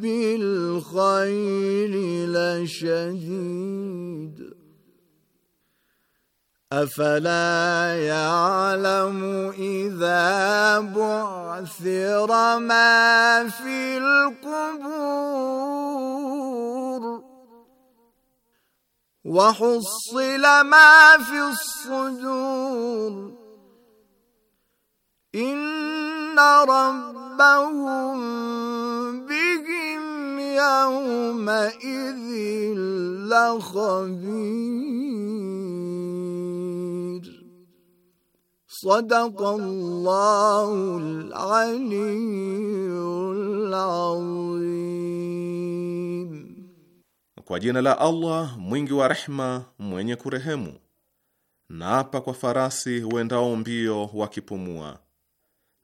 بالخير لشديد أفلا يعلم إذا بعثر ما في القبور وحصل ما في الصدور إن رب نبأهم بهم يومئذ لخبير صدق الله العلي العظيم Kwa jina la Allah mwingi wa rehma mwenye kurehemu. Naapa kwa farasi wendao mbio wakipumua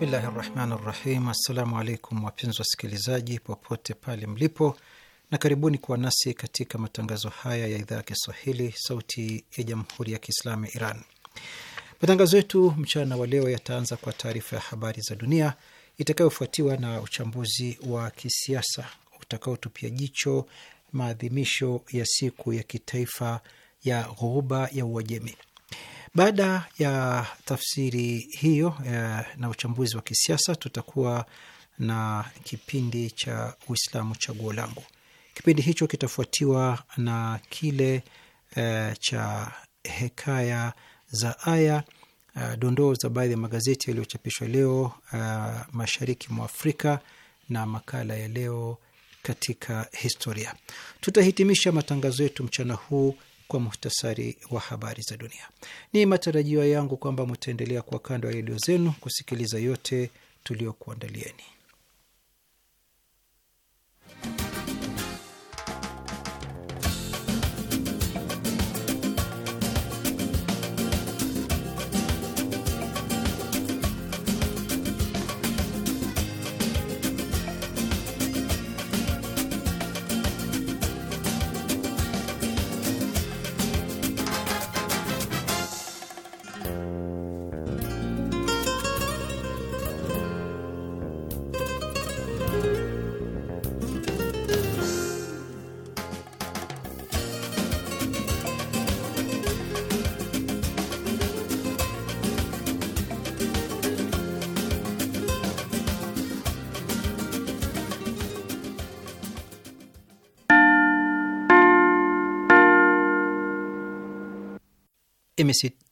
Bismillahi rahmani rahim. Assalamu alaikum wapenzi wasikilizaji popote pale mlipo, na karibuni kuwa nasi katika matangazo haya ya idhaa ya Kiswahili sauti ya jamhuri ya Kiislamu ya Iran. Matangazo yetu mchana wa leo yataanza kwa taarifa ya habari za dunia itakayofuatiwa na uchambuzi wa kisiasa utakaotupia jicho maadhimisho ya siku ya kitaifa ya Ghuba ya Uajemi. Baada ya tafsiri hiyo eh, na uchambuzi wa kisiasa, tutakuwa na kipindi cha Uislamu chaguo langu. Kipindi hicho kitafuatiwa na kile eh, cha hekaya za aya, eh, dondoo za baadhi ya magazeti yaliyochapishwa leo eh, mashariki mwa Afrika na makala ya leo katika historia. Tutahitimisha matangazo yetu mchana huu kwa muhtasari wa habari za dunia. Ni matarajio yangu kwamba mutaendelea kuwa kando ya redio zenu kusikiliza yote tuliokuandalieni.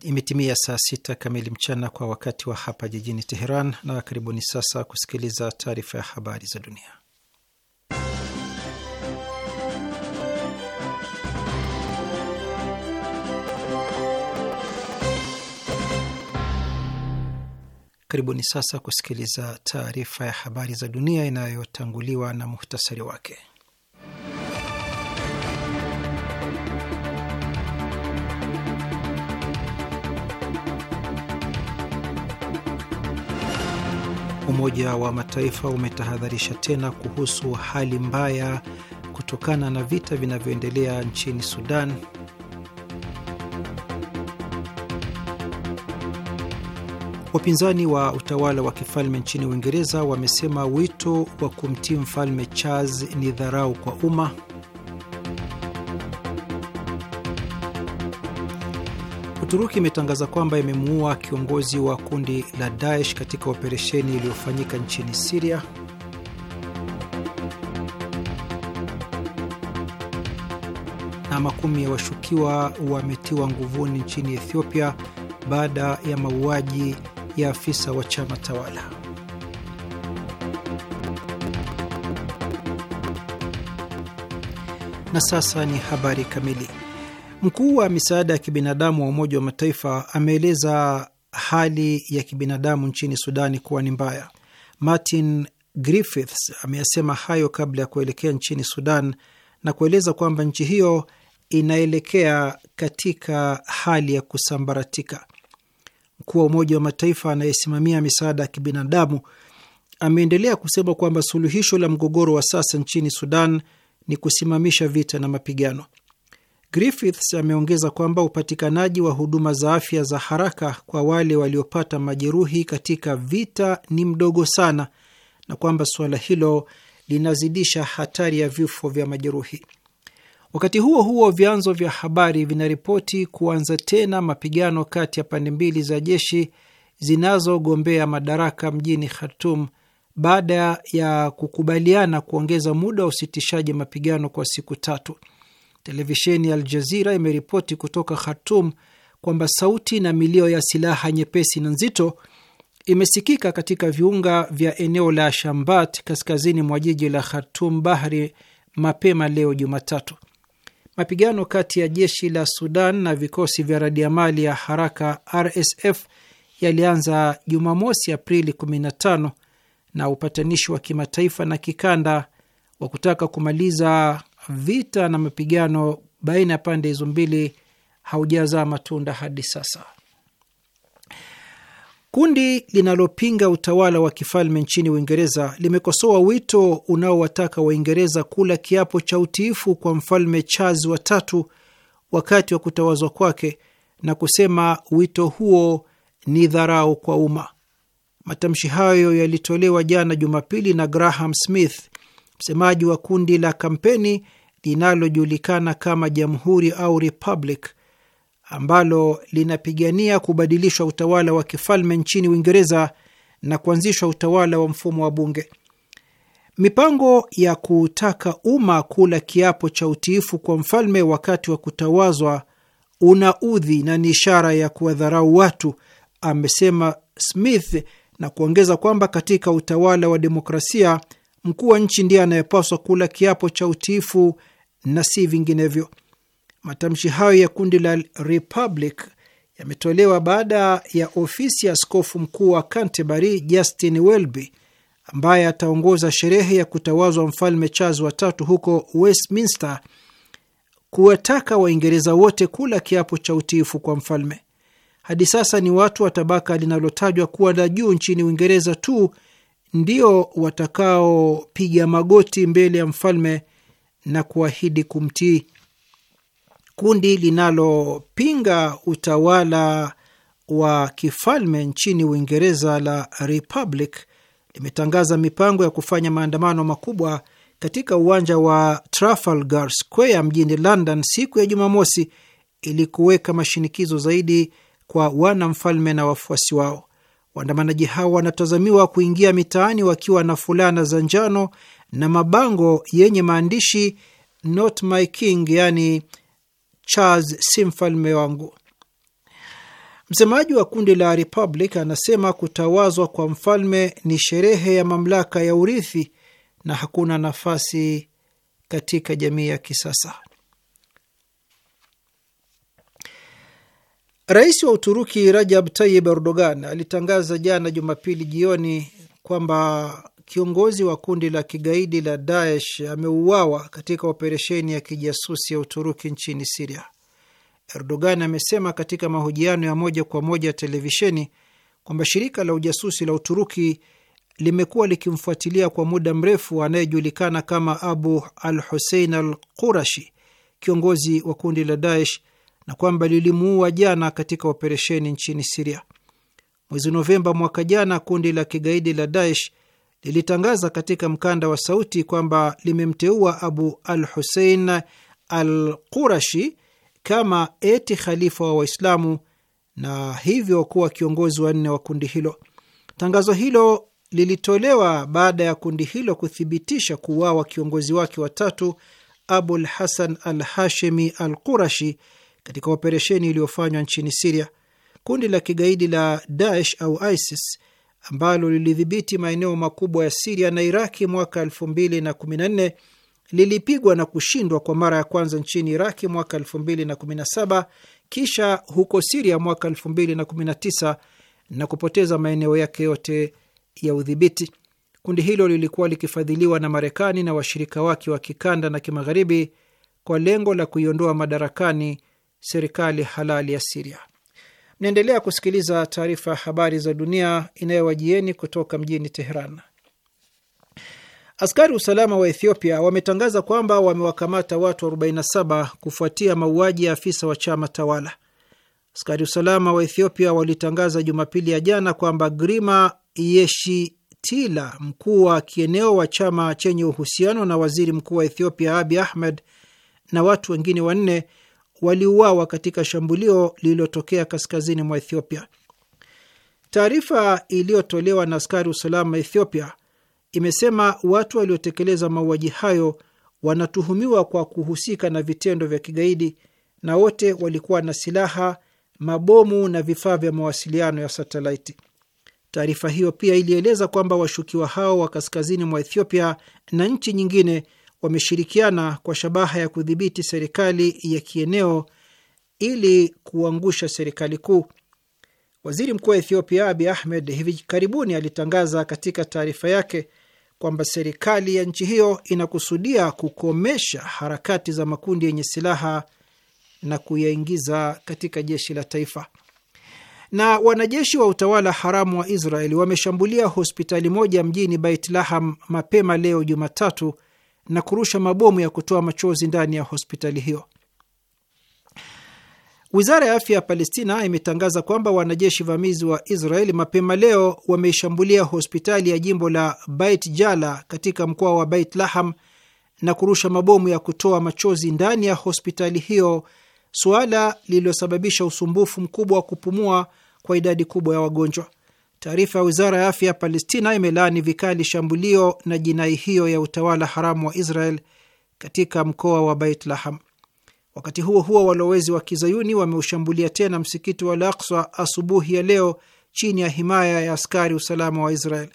imetimia saa sita kamili mchana kwa wakati wa hapa jijini Teheran, na karibuni sasa kusikiliza taarifa ya habari za dunia. Karibuni sasa kusikiliza taarifa ya habari za dunia inayotanguliwa na muhtasari wake. Umoja wa Mataifa umetahadharisha tena kuhusu hali mbaya kutokana na vita vinavyoendelea nchini Sudan. Wapinzani wa utawala wa kifalme nchini Uingereza wamesema wito wa kumtii mfalme Charles ni dharau kwa umma. Uturuki imetangaza kwamba imemuua kiongozi wa kundi la Daesh katika operesheni iliyofanyika nchini Siria. Na makumi ya washukiwa wametiwa nguvuni nchini Ethiopia baada ya mauaji ya afisa wa chama tawala. Na sasa ni habari kamili. Mkuu wa misaada ya kibinadamu wa Umoja wa Mataifa ameeleza hali ya kibinadamu nchini Sudani kuwa ni mbaya. Martin Griffiths ameyasema hayo kabla ya kuelekea nchini Sudan na kueleza kwamba nchi hiyo inaelekea katika hali ya kusambaratika. Mkuu wa Umoja wa Mataifa anayesimamia misaada ya kibinadamu ameendelea kusema kwamba suluhisho la mgogoro wa sasa nchini Sudan ni kusimamisha vita na mapigano. Griffiths ameongeza kwamba upatikanaji wa huduma za afya za haraka kwa wale waliopata majeruhi katika vita ni mdogo sana na kwamba suala hilo linazidisha hatari ya vifo vya majeruhi. Wakati huo huo, vyanzo vya habari vinaripoti kuanza tena mapigano kati ya pande mbili za jeshi zinazogombea madaraka mjini Khartum baada ya kukubaliana kuongeza muda wa usitishaji mapigano kwa siku tatu. Televisheni ya Aljazira imeripoti kutoka Khartum kwamba sauti na milio ya silaha nyepesi na nzito imesikika katika viunga vya eneo la Shambat kaskazini mwa jiji la Khartum Bahri mapema leo Jumatatu. Mapigano kati ya jeshi la Sudan na vikosi vya radiamali ya haraka RSF yalianza Jumamosi, Aprili 15 na upatanishi wa kimataifa na kikanda wa kutaka kumaliza vita na mapigano baina ya pande hizo mbili haujazaa matunda hadi sasa. Kundi linalopinga utawala wa kifalme nchini Uingereza limekosoa wito unaowataka Waingereza kula kiapo cha utiifu kwa mfalme Charles watatu wakati wa kutawazwa kwake na kusema wito huo ni dharau kwa umma. Matamshi hayo yalitolewa jana Jumapili na Graham Smith, msemaji wa kundi la kampeni linalojulikana kama jamhuri au republic ambalo linapigania kubadilishwa utawala wa kifalme nchini Uingereza na kuanzishwa utawala wa mfumo wa bunge. Mipango ya kutaka umma kula kiapo cha utiifu kwa mfalme wakati wa kutawazwa unaudhi na ni ishara ya kuwadharau watu, amesema Smith na kuongeza kwamba katika utawala wa demokrasia mkuu wa nchi ndiye anayepaswa kula kiapo cha utiifu na si vinginevyo. Matamshi hayo ya kundi la Republic yametolewa baada ya ofisi ya askofu mkuu wa Canterbury Justin Welby ambaye ataongoza sherehe ya kutawazwa mfalme Charles watatu huko Westminster kuwataka Waingereza wote kula kiapo cha utiifu kwa mfalme. Hadi sasa ni watu wa tabaka linalotajwa kuwa la juu nchini Uingereza tu ndio watakaopiga magoti mbele ya mfalme na kuahidi kumtii. Kundi linalopinga utawala wa kifalme nchini Uingereza la Republic limetangaza mipango ya kufanya maandamano makubwa katika uwanja wa Trafalgar Square mjini London siku ya Jumamosi ili kuweka mashinikizo zaidi kwa wanamfalme na wafuasi wao. Waandamanaji hao wanatazamiwa kuingia mitaani wakiwa na fulana za njano na mabango yenye maandishi not my king, yani Charles si mfalme wangu. Msemaji wa kundi la Republic anasema kutawazwa kwa mfalme ni sherehe ya mamlaka ya urithi na hakuna nafasi katika jamii ya kisasa. Rais wa Uturuki Rajab Tayyip Erdogan alitangaza jana Jumapili jioni kwamba kiongozi wa kundi la kigaidi la Daesh ameuawa katika operesheni ya kijasusi ya Uturuki nchini Siria. Erdogan amesema katika mahojiano ya moja kwa moja televisheni kwamba shirika la ujasusi la Uturuki limekuwa likimfuatilia kwa muda mrefu anayejulikana kama Abu al Husein al Qurashi, kiongozi wa kundi la Daesh, na kwamba lilimuua jana katika operesheni nchini Siria. Mwezi Novemba mwaka jana, kundi la kigaidi la Daesh lilitangaza katika mkanda wa sauti kwamba limemteua Abu al Husein al Qurashi kama eti khalifa wa Waislamu na hivyo kuwa kiongozi wa nne wa kundi hilo. Tangazo hilo lilitolewa baada ya kundi hilo kuthibitisha kuuawa kiongozi wake watatu Abul Hasan al Hashimi al Qurashi katika operesheni iliyofanywa nchini Siria. Kundi la kigaidi la Daesh au ISIS ambalo lilidhibiti maeneo makubwa ya Siria na Iraki mwaka 2014 lilipigwa na kushindwa kwa mara ya kwanza nchini Iraki mwaka 2017 kisha huko Siria mwaka 2019 na kupoteza maeneo yake yote ya udhibiti. Kundi hilo lilikuwa likifadhiliwa na Marekani na washirika wake wa kikanda na kimagharibi kwa lengo la kuiondoa madarakani serikali halali ya Siria. Mnaendelea kusikiliza taarifa ya habari za dunia inayowajieni kutoka mjini Teheran. Askari usalama wa Ethiopia wametangaza kwamba wamewakamata watu 47 kufuatia mauaji ya afisa wa chama tawala. Askari usalama wa Ethiopia walitangaza Jumapili ya jana kwamba Grima Yeshitila, mkuu wa kieneo wa chama chenye uhusiano na waziri mkuu wa Ethiopia Abi Ahmed na watu wengine wanne waliuawa katika shambulio lililotokea kaskazini mwa Ethiopia. Taarifa iliyotolewa na askari usalama Ethiopia imesema watu waliotekeleza mauaji hayo wanatuhumiwa kwa kuhusika na vitendo vya kigaidi na wote walikuwa na silaha, mabomu na vifaa vya mawasiliano ya satelaiti. Taarifa hiyo pia ilieleza kwamba washukiwa hao wa kaskazini mwa Ethiopia na nchi nyingine wameshirikiana kwa shabaha ya kudhibiti serikali ya kieneo ili kuangusha serikali kuu. Waziri mkuu wa Ethiopia Abi Ahmed hivi karibuni alitangaza katika taarifa yake kwamba serikali ya nchi hiyo inakusudia kukomesha harakati za makundi yenye silaha na kuyaingiza katika jeshi la taifa. Na wanajeshi wa utawala haramu wa Israeli wameshambulia hospitali moja mjini Baitlaham mapema leo Jumatatu na kurusha mabomu ya kutoa machozi ndani ya hospitali hiyo. Wizara ya afya ya Palestina imetangaza kwamba wanajeshi vamizi wa Israeli mapema leo wameishambulia hospitali ya jimbo la bait Jala katika mkoa wa bait Laham na kurusha mabomu ya kutoa machozi ndani ya hospitali hiyo, suala lililosababisha usumbufu mkubwa wa kupumua kwa idadi kubwa ya wagonjwa. Taarifa ya wizara ya afya ya Palestina imelaani vikali shambulio na jinai hiyo ya utawala haramu wa Israel katika mkoa wa Beit Laham. Wakati huo huo, walowezi wa kizayuni wameushambulia tena msikiti wa Al-Aqsa asubuhi ya leo chini ya himaya ya askari usalama wa Israel.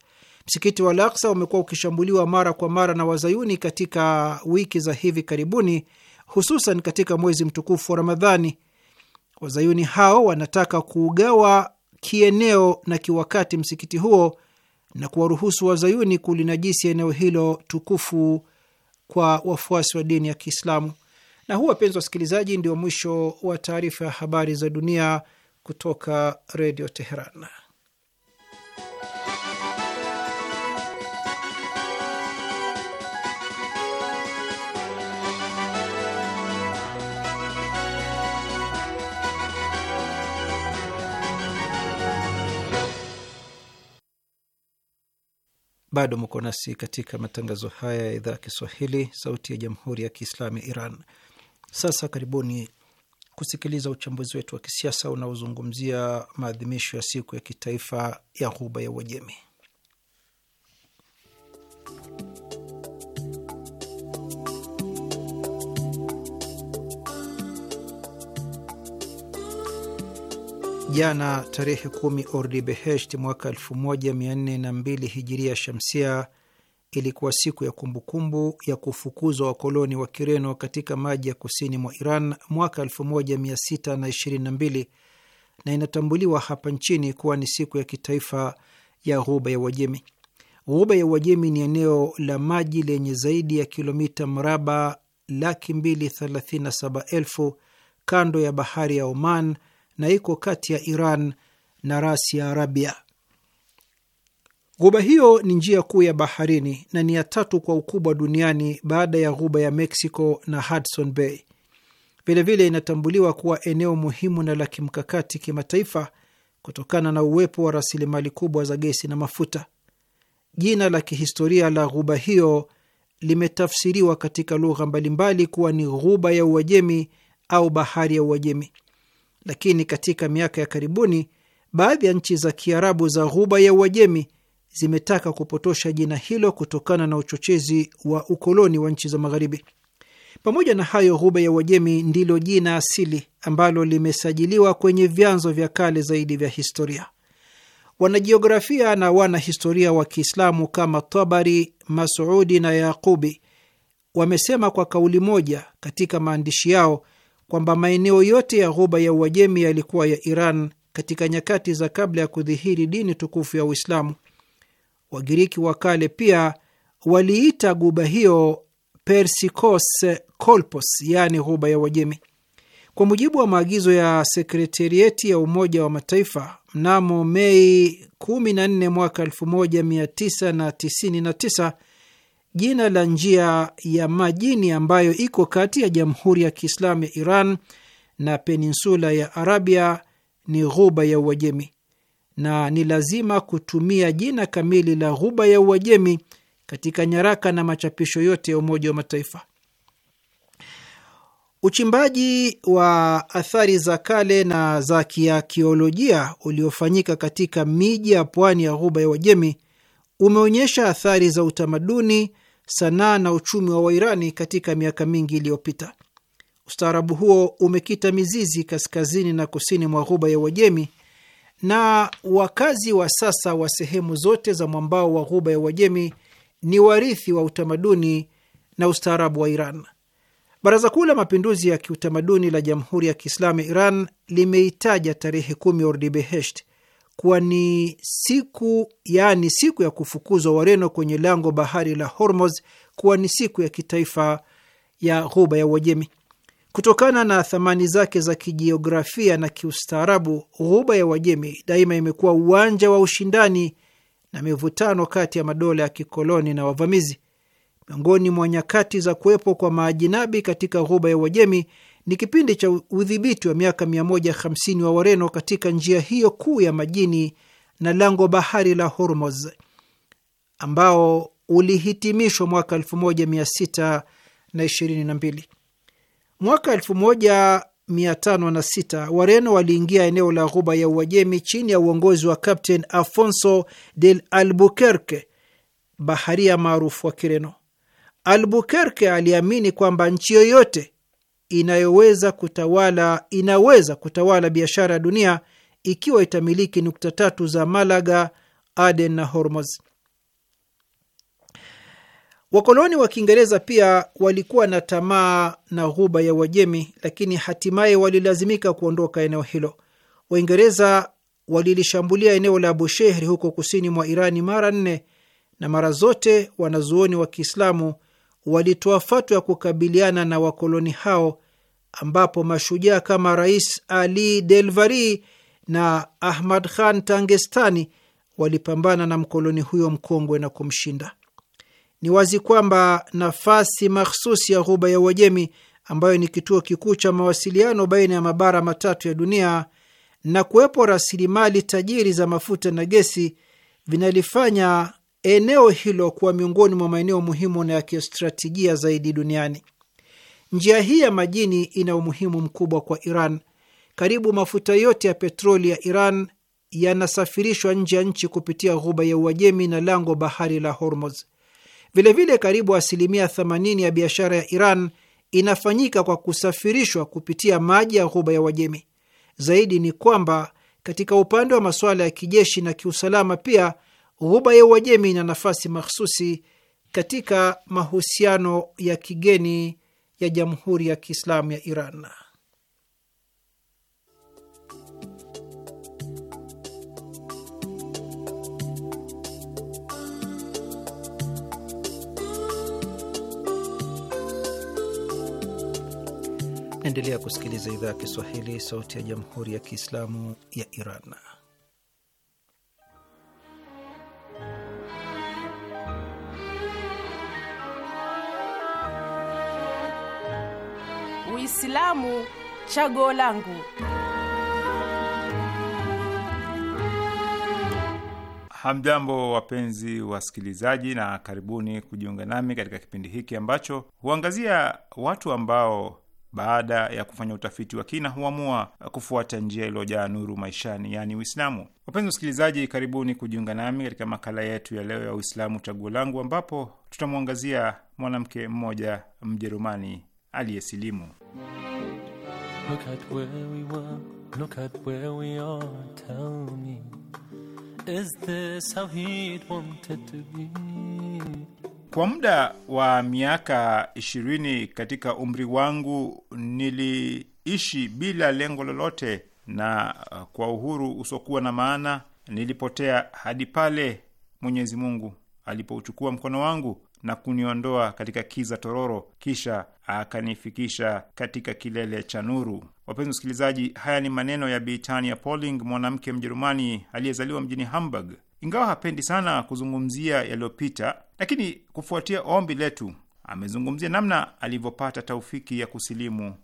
Msikiti wa Al-Aqsa umekuwa ukishambuliwa mara kwa mara na wazayuni katika wiki za hivi karibuni, hususan katika mwezi mtukufu wa Ramadhani. Wazayuni hao wanataka kuugawa kieneo na kiwakati msikiti huo na kuwaruhusu wazayuni kulinajisi eneo hilo tukufu kwa wafuasi wa dini ya Kiislamu. Na huu, wapenzi wasikilizaji, ndio mwisho wa taarifa ya habari za dunia kutoka Redio Teheran. Bado mko nasi katika matangazo haya ya idhaa ya Kiswahili, sauti ya jamhuri ya kiislamu ya Iran. Sasa karibuni kusikiliza uchambuzi wetu wa kisiasa unaozungumzia maadhimisho ya siku ya kitaifa ya Ghuba ya Uajemi. jana tarehe ordi Ordibehesht mwaka 1402 hijiria shamsia ilikuwa siku ya kumbukumbu ya kufukuzwa wakoloni wa Kireno katika maji ya kusini mwa Iran mwaka 1622 na inatambuliwa hapa nchini kuwa ni siku ya kitaifa ya Ghuba ya Uajemi. Ghuba ya Uajemi ni eneo la maji lenye zaidi ya kilomita mraba laki mbili thelathini na saba elfu kando ya bahari ya Oman na iko kati ya Iran na rasi ya Arabia. Ghuba hiyo ni njia kuu ya baharini na ni ya tatu kwa ukubwa duniani baada ya ghuba ya Mexico na Hudson Bay. Vilevile inatambuliwa kuwa eneo muhimu na la kimkakati kimataifa kutokana na uwepo wa rasilimali kubwa za gesi na mafuta. Jina la kihistoria la ghuba hiyo limetafsiriwa katika lugha mbalimbali kuwa ni ghuba ya Uajemi au bahari ya Uajemi lakini katika miaka ya karibuni baadhi ya nchi za Kiarabu za Ghuba ya Uajemi zimetaka kupotosha jina hilo kutokana na uchochezi wa ukoloni wa nchi za Magharibi. Pamoja na hayo, Ghuba ya Uajemi ndilo jina asili ambalo limesajiliwa kwenye vyanzo vya kale zaidi vya historia. Wanajiografia na wanahistoria wa Kiislamu kama Tabari, Masudi na Yaqubi wamesema kwa kauli moja katika maandishi yao kwamba maeneo yote ya ghuba ya Uajemi yalikuwa ya Iran katika nyakati za kabla ya kudhihiri dini tukufu ya Uislamu. Wagiriki wa kale pia waliita guba hiyo Persikos Kolpos, yaani ghuba ya Uajemi. Kwa mujibu wa maagizo ya sekretarieti ya Umoja wa Mataifa mnamo Mei 14 mwaka 1999 jina la njia ya majini ambayo iko kati ya Jamhuri ya Kiislamu ya Iran na peninsula ya Arabia ni Ghuba ya Uajemi, na ni lazima kutumia jina kamili la Ghuba ya Uajemi katika nyaraka na machapisho yote ya Umoja wa Mataifa. Uchimbaji wa athari za kale na za kiakiolojia uliofanyika katika miji ya pwani ya Ghuba ya Uajemi umeonyesha athari za utamaduni sanaa na uchumi wa Wairani katika miaka mingi iliyopita. Ustaarabu huo umekita mizizi kaskazini na kusini mwa ghuba ya Uajemi, na wakazi wa sasa wa sehemu zote za mwambao wa ghuba ya Uajemi ni warithi wa utamaduni na ustaarabu wa Iran. Baraza Kuu la Mapinduzi ya Kiutamaduni la Jamhuri ya Kiislamu Iran limeitaja tarehe kumi Ordibehesht kuwa ni siku yaani siku ya kufukuzwa Wareno kwenye lango bahari la Hormuz kuwa ni siku ya kitaifa ya Ghuba ya Uajemi. Kutokana na thamani zake za kijiografia na kiustaarabu, Ghuba ya Uajemi daima imekuwa uwanja wa ushindani na mivutano kati ya madola ya kikoloni na wavamizi. Miongoni mwa nyakati za kuwepo kwa maajinabi katika Ghuba ya Uajemi ni kipindi cha udhibiti wa miaka 150 wa Wareno katika njia hiyo kuu ya majini na lango bahari la Hormuz ambao ulihitimishwa mwaka 1622. Mwaka 1506 Wareno waliingia eneo la ghuba ya Uajemi chini ya uongozi wa Captain Afonso del Albuquerque, baharia maarufu wa Kireno. Albuquerque aliamini kwamba nchi yoyote inayoweza kutawala inaweza kutawala biashara ya dunia ikiwa itamiliki nukta tatu za Malaga, Aden na Hormuz. Wakoloni wa Kiingereza pia walikuwa na tamaa na ghuba ya Uajemi, lakini hatimaye walilazimika kuondoka eneo hilo. Waingereza walilishambulia eneo la Bushehri huko kusini mwa Irani mara nne, na mara zote wanazuoni wa Kiislamu walitoa fatwa ya kukabiliana na wakoloni hao, ambapo mashujaa kama Rais Ali Delvari na Ahmad Khan Tangestani walipambana na mkoloni huyo mkongwe na kumshinda. Ni wazi kwamba nafasi mahsusi ya Ghuba ya Uajemi ambayo ni kituo kikuu cha mawasiliano baina ya mabara matatu ya dunia na kuwepo rasilimali tajiri za mafuta na gesi vinalifanya eneo hilo kuwa miongoni mwa maeneo muhimu na ya kistratejia zaidi duniani. Njia hii ya majini ina umuhimu mkubwa kwa Iran. Karibu mafuta yote ya petroli ya Iran yanasafirishwa nje ya nchi kupitia ghuba ya Uajemi na lango bahari la Hormuz. Vilevile, karibu asilimia 80 ya biashara ya Iran inafanyika kwa kusafirishwa kupitia maji ya ghuba ya Uajemi. Zaidi ni kwamba katika upande wa masuala ya kijeshi na kiusalama pia Ghuba ya Uajemi ina nafasi mahsusi katika mahusiano ya kigeni ya Jamhuri ya Kiislamu ya Iran. Naendelea kusikiliza idhaa ya Kiswahili, sauti ya Jamhuri ya Kiislamu ya Iran. Uislamu chaguo langu. Hamjambo, wapenzi wasikilizaji, na karibuni kujiunga nami katika kipindi hiki ambacho huangazia watu ambao baada ya kufanya utafiti wa kina huamua kufuata njia iliyojaa nuru maishani, yaani Uislamu. Wapenzi wasikilizaji, karibuni kujiunga nami katika makala yetu ya leo ya Uislamu Chaguo Langu, ambapo tutamwangazia mwanamke mmoja Mjerumani aliyesilimu. Look at where we were, look at where we are. Tell me, is this how he'd wanted to be? Kwa muda wa miaka ishirini katika umri wangu niliishi bila lengo lolote na uh, kwa uhuru usiokuwa na maana. Nilipotea hadi pale Mwenyezi Mungu alipouchukua mkono wangu na kuniondoa katika kiza tororo, kisha akanifikisha katika kilele cha nuru. Wapenzi wasikilizaji, haya ni maneno ya Britania Poling, mwanamke Mjerumani aliyezaliwa mjini Hamburg. Ingawa hapendi sana kuzungumzia yaliyopita, lakini kufuatia ombi letu amezungumzia namna alivyopata taufiki ya kusilimu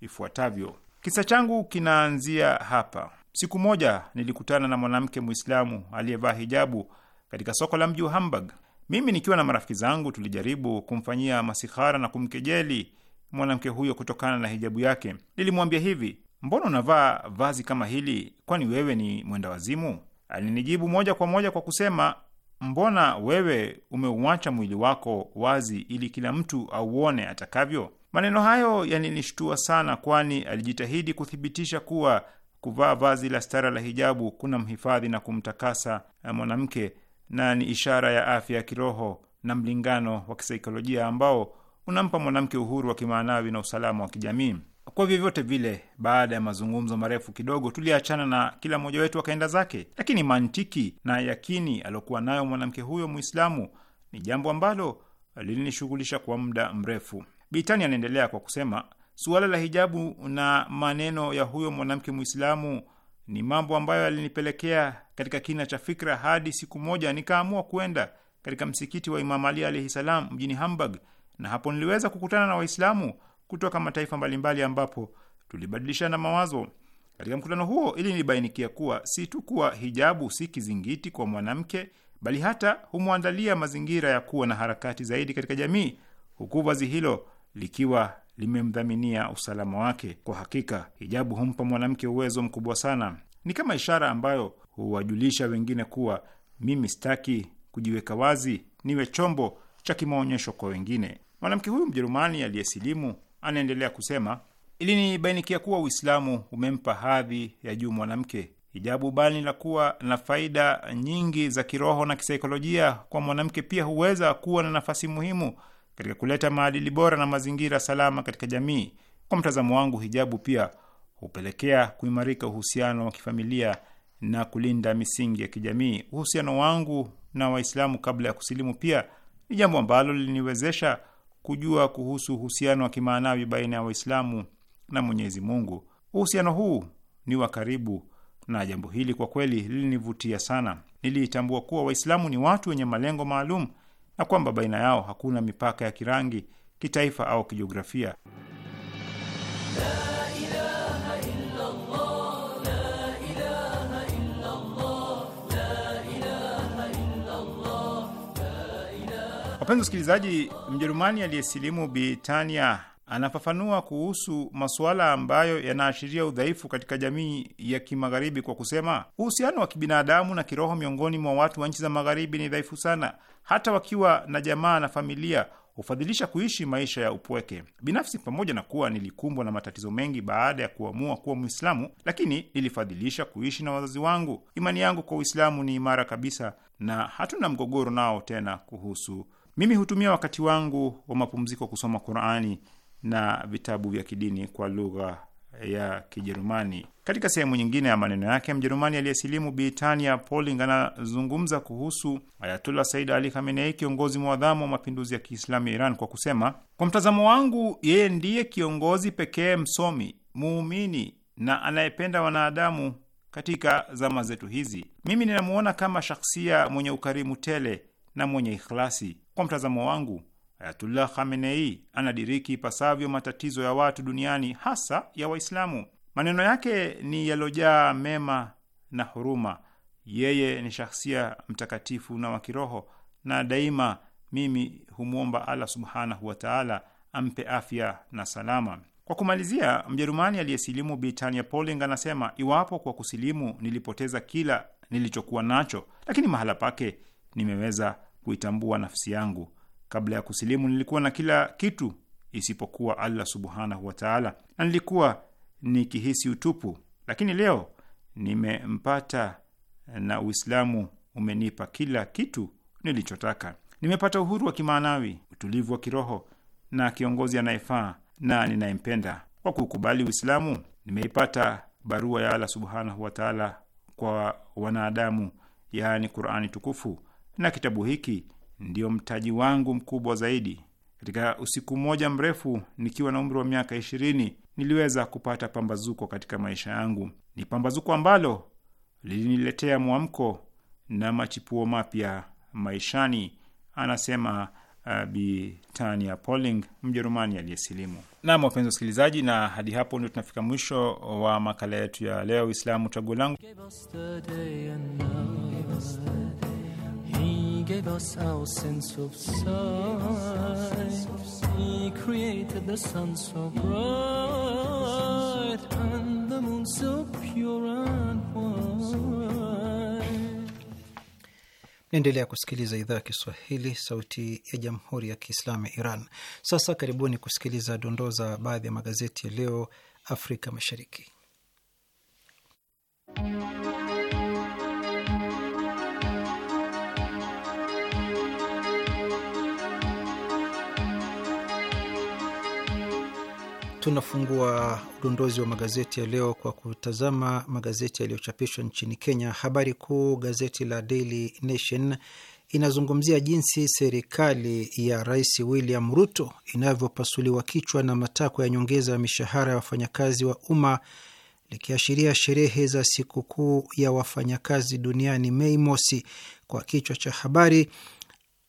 ifuatavyo. Kisa changu kinaanzia hapa. Siku moja nilikutana na mwanamke Mwislamu aliyevaa hijabu katika soko la mji wa Hamburg. Mimi nikiwa na marafiki zangu tulijaribu kumfanyia masihara na kumkejeli mwanamke huyo kutokana na hijabu yake. Nilimwambia hivi, mbona unavaa vazi kama hili? Kwani wewe ni mwenda wazimu? Alinijibu moja kwa moja kwa kusema, mbona wewe umeuacha mwili wako wazi ili kila mtu auone atakavyo? Maneno hayo yalinishtua sana, kwani alijitahidi kuthibitisha kuwa kuvaa vazi la stara la hijabu kuna mhifadhi na kumtakasa mwanamke na ni ishara ya afya ya kiroho na mlingano wa kisaikolojia ambao unampa mwanamke uhuru wa kimaanawi na usalama wa kijamii. Kwa vyovyote vile, baada ya mazungumzo marefu kidogo, tuliachana na kila mmoja wetu akaenda zake, lakini mantiki na yakini aliokuwa nayo mwanamke huyo Muislamu ni jambo ambalo lilinishughulisha kwa muda mrefu. Bitani anaendelea kwa kusema, suala la hijabu na maneno ya huyo mwanamke Muislamu ni mambo ambayo yalinipelekea katika kina cha fikra hadi siku moja nikaamua kuenda katika msikiti wa Imam Ali alaihi salam mjini Hamburg, na hapo niliweza kukutana na Waislamu kutoka mataifa mbalimbali ambapo tulibadilishana mawazo. Katika mkutano huo ili nilibainikia kuwa si tu kuwa hijabu si kizingiti kwa mwanamke, bali hata humwandalia mazingira ya kuwa na harakati zaidi katika jamii, huku vazi hilo likiwa limemdhaminia usalama wake. Kwa hakika hijabu humpa mwanamke uwezo mkubwa sana, ni kama ishara ambayo huwajulisha wengine kuwa mimi sitaki kujiweka wazi, niwe chombo cha kimaonyesho kwa wengine. Mwanamke huyu Mjerumani aliyesilimu anaendelea kusema, ilinibainikia kuwa Uislamu umempa hadhi ya juu mwanamke. Hijabu bali la kuwa na faida nyingi za kiroho na kisaikolojia kwa mwanamke, pia huweza kuwa na nafasi muhimu katika kuleta maadili bora na mazingira salama katika jamii. Kwa mtazamo wangu, hijabu pia hupelekea kuimarika uhusiano wa kifamilia na kulinda misingi ya kijamii. Uhusiano wangu na Waislamu kabla ya kusilimu pia ni jambo ambalo liliniwezesha kujua kuhusu uhusiano wa kimaanawi baina ya Waislamu na Mwenyezi Mungu. Uhusiano huu ni wa karibu na jambo hili kwa kweli lilinivutia sana. Niliitambua kuwa Waislamu ni watu wenye malengo maalum na kwamba baina yao hakuna mipaka ya kirangi, kitaifa au kijiografia. Wapenzi wasikilizaji, Mjerumani aliyesilimu Britania anafafanua kuhusu masuala ambayo yanaashiria udhaifu katika jamii ya kimagharibi kwa kusema, uhusiano wa kibinadamu na kiroho miongoni mwa watu wa nchi za magharibi ni dhaifu sana. Hata wakiwa na jamaa na familia hufadhilisha kuishi maisha ya upweke. Binafsi, pamoja na kuwa nilikumbwa na matatizo mengi baada ya kuamua kuwa Mwislamu, lakini nilifadhilisha kuishi na wazazi wangu. Imani yangu kwa Uislamu ni imara kabisa na hatuna mgogoro nao tena kuhusu. Mimi hutumia wakati wangu wa mapumziko kusoma Qurani na vitabu vya kidini kwa lugha ya Kijerumani. Katika sehemu nyingine ya maneno yake, Mjerumani aliyesilimu Britania Poling anazungumza kuhusu Ayatullah Said Ali Khamenei, kiongozi mwadhamu wa mapinduzi ya Kiislamu ya Iran kwa kusema, kwa mtazamo wangu, yeye ndiye kiongozi pekee msomi, muumini na anayependa wanadamu katika zama zetu hizi. Mimi ninamuona kama shakhsia mwenye ukarimu tele na mwenye ikhlasi. Kwa mtazamo wangu Ayatullah Khamenei anadiriki ipasavyo matatizo ya watu duniani, hasa ya Waislamu. Maneno yake ni yalojaa mema na huruma. Yeye ni shahsia mtakatifu na wa kiroho, na daima mimi humwomba Allah subhanahu wataala ampe afya na salama. Kwa kumalizia, Mjerumani aliyesilimu Britania Poling anasema iwapo kwa kusilimu nilipoteza kila nilichokuwa nacho, lakini mahala pake nimeweza kuitambua nafsi yangu Kabla ya kusilimu nilikuwa na kila kitu isipokuwa Allah subhanahu wataala, na nilikuwa nikihisi utupu, lakini leo nimempata na Uislamu umenipa kila kitu nilichotaka. Nimepata uhuru wa kimaanawi, utulivu wa kiroho na kiongozi anayefaa na ninayempenda. Kwa kukubali Uislamu nimeipata barua ya Allah subhanahu wataala kwa wanadamu, yaani Qurani tukufu, na kitabu hiki ndio mtaji wangu mkubwa zaidi. Katika usiku mmoja mrefu nikiwa na umri wa miaka ishirini niliweza kupata pambazuko katika maisha yangu. Ni pambazuko ambalo liliniletea mwamko na machipuo mapya maishani, anasema uh, Bi Tania Poling, Mjerumani aliyesilimu. Nam, wapenzi wasikilizaji, na hadi hapo ndio tunafika mwisho wa makala yetu ya leo, Uislamu Chaguo Langu gave us our sense of sight. He created the sun so bright and the moon so pure and white. Naendelea kusikiliza idhaa ya Kiswahili, sauti ya jamhuri ya kiislamu ya Iran. Sasa karibuni kusikiliza dondoo za baadhi ya magazeti ya leo Afrika Mashariki. tunafungua udondozi wa magazeti ya leo kwa kutazama magazeti yaliyochapishwa nchini Kenya. Habari kuu gazeti la Daily Nation inazungumzia jinsi serikali ya Rais William Ruto inavyopasuliwa kichwa na matakwa ya nyongeza ya mishahara ya wafanyakazi wa umma, likiashiria sherehe za sikukuu ya wafanyakazi duniani Mei Mosi, kwa kichwa cha habari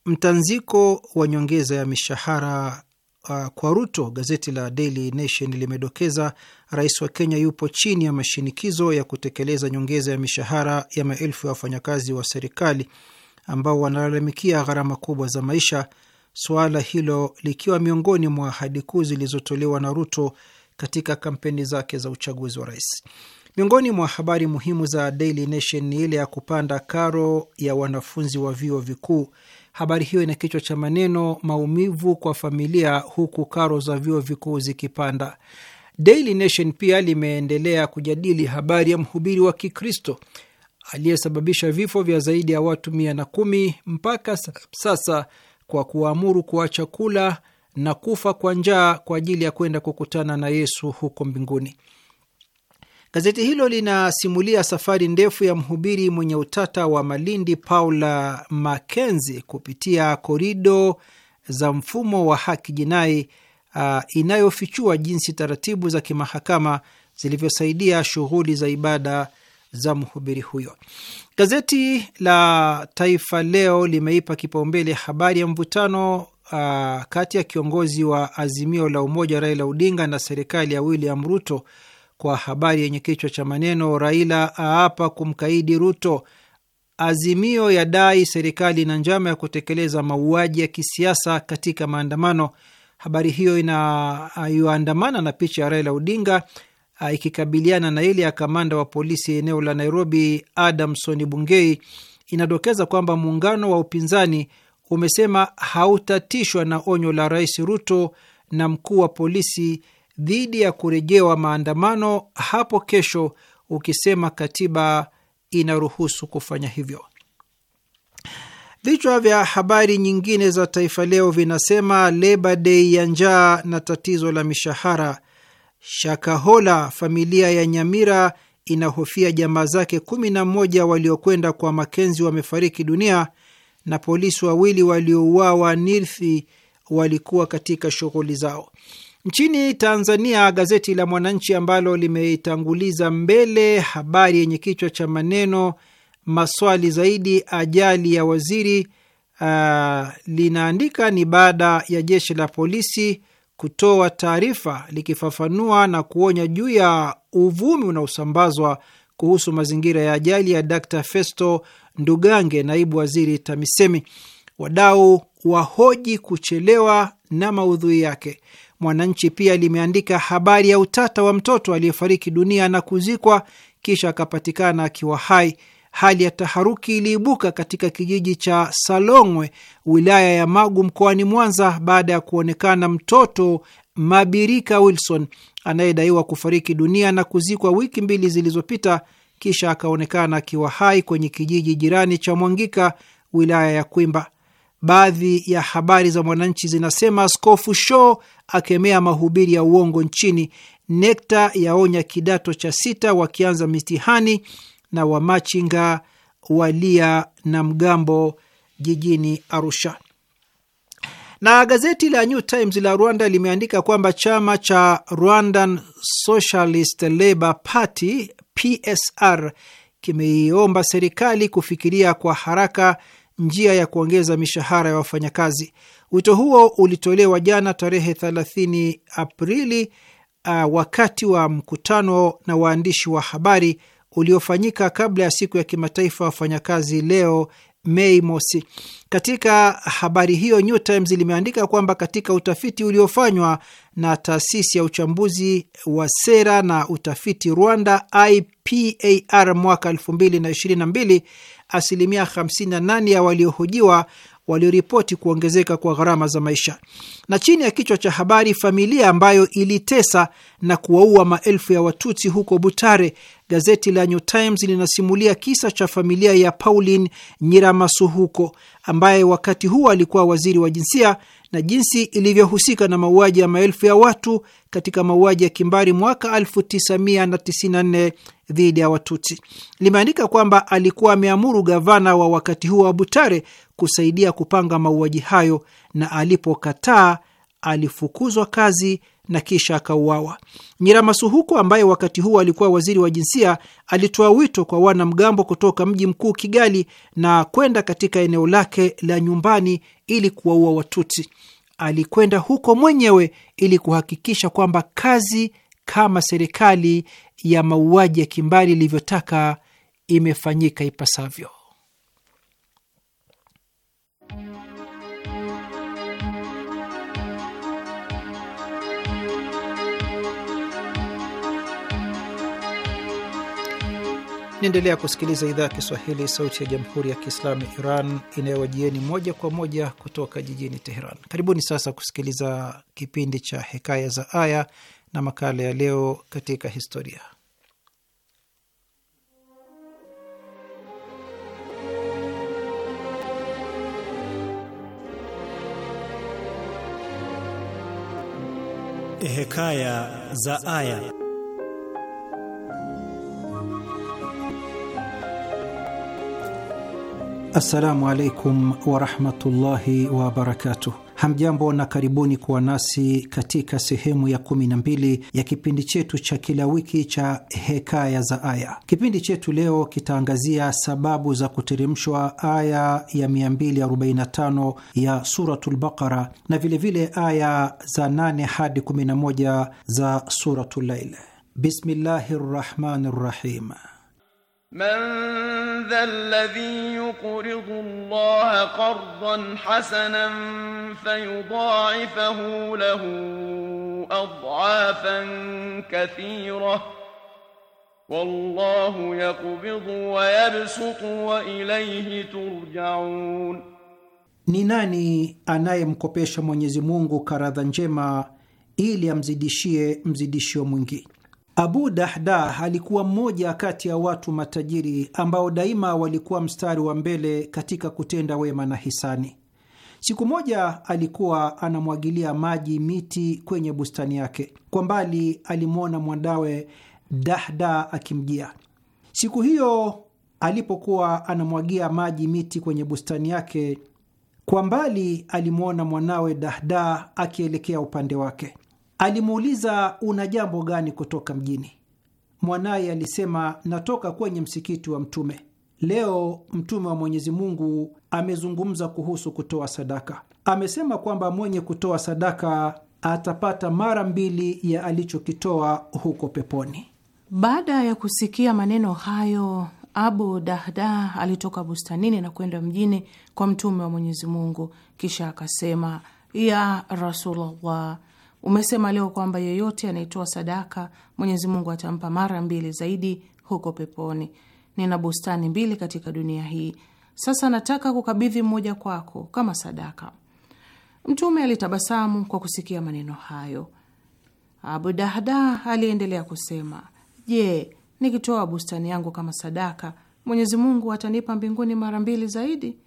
mtanziko wa nyongeza ya mishahara uh, kwa Ruto, gazeti la Daily Nation limedokeza rais wa Kenya yupo chini ya mashinikizo ya kutekeleza nyongeza ya mishahara ya maelfu ya wafanyakazi wa serikali ambao wanalalamikia gharama kubwa za maisha, suala hilo likiwa miongoni mwa ahadi kuu zilizotolewa na Ruto katika kampeni zake za uchaguzi wa rais. Miongoni mwa habari muhimu za Daily Nation ni ile ya kupanda karo ya wanafunzi wa vyuo vikuu Habari hiyo ina kichwa cha maneno maumivu kwa familia huku karo za vyuo vikuu zikipanda. Daily Nation pia limeendelea kujadili habari ya mhubiri wa Kikristo aliyesababisha vifo vya zaidi ya watu mia na kumi mpaka sasa kwa kuwaamuru kuacha kula na kufa kwa njaa kwa ajili ya kwenda kukutana na Yesu huko mbinguni. Gazeti hilo linasimulia safari ndefu ya mhubiri mwenye utata wa Malindi Paula Mackenzie kupitia korido za mfumo wa haki jinai uh, inayofichua jinsi taratibu za kimahakama zilivyosaidia shughuli za ibada za mhubiri huyo. Gazeti la Taifa Leo limeipa kipaumbele habari ya mvutano uh, kati ya kiongozi wa Azimio la Umoja Raila Odinga na serikali ya William Ruto kwa habari yenye kichwa cha maneno Raila aapa kumkaidi Ruto, Azimio ya dai serikali na njama ya kutekeleza mauaji ya kisiasa katika maandamano. Habari hiyo inayoandamana na picha ya Raila Odinga ah, ikikabiliana na ile ya kamanda wa polisi eneo la Nairobi Adamson Bungei inadokeza kwamba muungano wa upinzani umesema hautatishwa na onyo la Rais Ruto na mkuu wa polisi dhidi ya kurejewa maandamano hapo kesho, ukisema katiba inaruhusu kufanya hivyo. Vichwa vya habari nyingine za Taifa Leo vinasema Leba Dei ya njaa na tatizo la mishahara. Shakahola, familia ya Nyamira inahofia jamaa zake kumi na moja waliokwenda kwa Makenzi wamefariki dunia, na polisi wawili waliouawa Nirthi walikuwa katika shughuli zao. Nchini Tanzania, gazeti la Mwananchi ambalo limeitanguliza mbele habari yenye kichwa cha maneno maswali zaidi ajali ya waziri uh, linaandika ni baada ya jeshi la polisi kutoa taarifa likifafanua na kuonya juu ya uvumi unaosambazwa kuhusu mazingira ya ajali ya Dkt. Festo Ndugange, naibu waziri TAMISEMI. Wadau wahoji kuchelewa na maudhui yake. Mwananchi pia limeandika habari ya utata wa mtoto aliyefariki dunia na kuzikwa kisha akapatikana akiwa hai. Hali ya taharuki iliibuka katika kijiji cha Salongwe, wilaya ya Magu, mkoani Mwanza, baada ya kuonekana mtoto Mabirika Wilson anayedaiwa kufariki dunia na kuzikwa wiki mbili zilizopita, kisha akaonekana akiwa hai kwenye kijiji jirani cha Mwangika, wilaya ya Kwimba. Baadhi ya habari za Mwananchi zinasema Askofu Show akemea mahubiri ya uongo nchini. Nekta yaonya kidato cha sita wakianza mitihani, na wamachinga walia na mgambo jijini Arusha. Na gazeti la New Times la Rwanda limeandika kwamba chama cha Rwandan Socialist Labour Party PSR kimeiomba serikali kufikiria kwa haraka njia ya kuongeza mishahara ya wafanyakazi. Wito huo ulitolewa jana tarehe 30 Aprili uh, wakati wa mkutano na waandishi wa habari uliofanyika kabla ya siku ya kimataifa ya wafanyakazi leo Mei mosi. Katika habari hiyo, New Times limeandika kwamba katika utafiti uliofanywa na taasisi ya uchambuzi wa sera na utafiti Rwanda IPAR mwaka 2022 asilimia 58 ya waliohojiwa walioripoti kuongezeka kwa gharama za maisha. Na chini ya kichwa cha habari, familia ambayo ilitesa na kuwaua maelfu ya Watutsi huko Butare, gazeti la New Times linasimulia kisa cha familia ya Pauline Nyiramasuhuko ambaye wakati huo alikuwa waziri wa jinsia na jinsi ilivyohusika na mauaji ya maelfu ya watu katika mauaji ya kimbari mwaka 1994 dhidi ya Watutsi. Limeandika kwamba alikuwa ameamuru gavana wa wakati huo wa Butare kusaidia kupanga mauaji hayo, na alipokataa alifukuzwa kazi na kisha akauawa. Nyiramasuhuko ambaye wakati huo alikuwa waziri wa jinsia alitoa wito kwa wanamgambo kutoka mji mkuu Kigali na kwenda katika eneo lake la nyumbani ili kuwaua Watuti. Alikwenda huko mwenyewe ili kuhakikisha kwamba kazi kama serikali ya mauaji ya kimbari ilivyotaka imefanyika ipasavyo. Naendelea kusikiliza idhaa ya Kiswahili, sauti ya jamhuri ya kiislamu ya Iran inayowajieni moja kwa moja kutoka jijini Teheran. Karibuni sasa kusikiliza kipindi cha Hekaya za Aya na makala ya Leo katika Historia. Hekaya za Aya. Assalamu alaikum warahmatullahi wabarakatuh. Hamjambo na karibuni kuwa nasi katika sehemu ya kumi na mbili ya kipindi chetu cha kila wiki cha Hekaya za Aya. Kipindi chetu leo kitaangazia sababu za kuteremshwa aya ya 245 ya Suratul Baqara na vilevile vile aya za 8 hadi 11 za Suratul Lail. Bismillahi rrahmani rrahim من ذا الذي يقرض الله قرضا حسنا فيضاعفه له اضعافا كثيره والله يقبض ويبسط واليه ترجعون Ni nani anayemkopesha Mwenyezi Mungu karadha njema ili amzidishie mzidishio mwingi Abu Dahda alikuwa mmoja kati ya watu matajiri ambao daima walikuwa mstari wa mbele katika kutenda wema na hisani. Siku moja alikuwa anamwagilia maji miti kwenye bustani yake. Kwa mbali alimwona mwanawe Dahda akimjia. Siku hiyo alipokuwa anamwagia maji miti kwenye bustani yake, kwa mbali alimwona mwanawe Dahda akielekea upande wake. Alimuuliza, una jambo gani kutoka mjini? Mwanaye alisema, natoka kwenye msikiti wa Mtume. Leo Mtume wa Mwenyezi Mungu amezungumza kuhusu kutoa sadaka. Amesema kwamba mwenye kutoa sadaka atapata mara mbili ya alichokitoa huko peponi. Baada ya kusikia maneno hayo, Abu Dahda alitoka bustanini na kwenda mjini kwa Mtume wa Mwenyezi Mungu, kisha akasema, ya Rasulullah, Umesema leo kwamba yeyote anayetoa sadaka Mwenyezi Mungu atampa mara mbili zaidi huko peponi. Nina bustani mbili katika dunia hii, sasa nataka kukabidhi mmoja kwako kama sadaka. Mtume alitabasamu kwa kusikia maneno hayo. Abu Dahda aliendelea kusema, je, nikitoa bustani yangu kama sadaka Mwenyezi Mungu atanipa mbinguni mara mbili zaidi?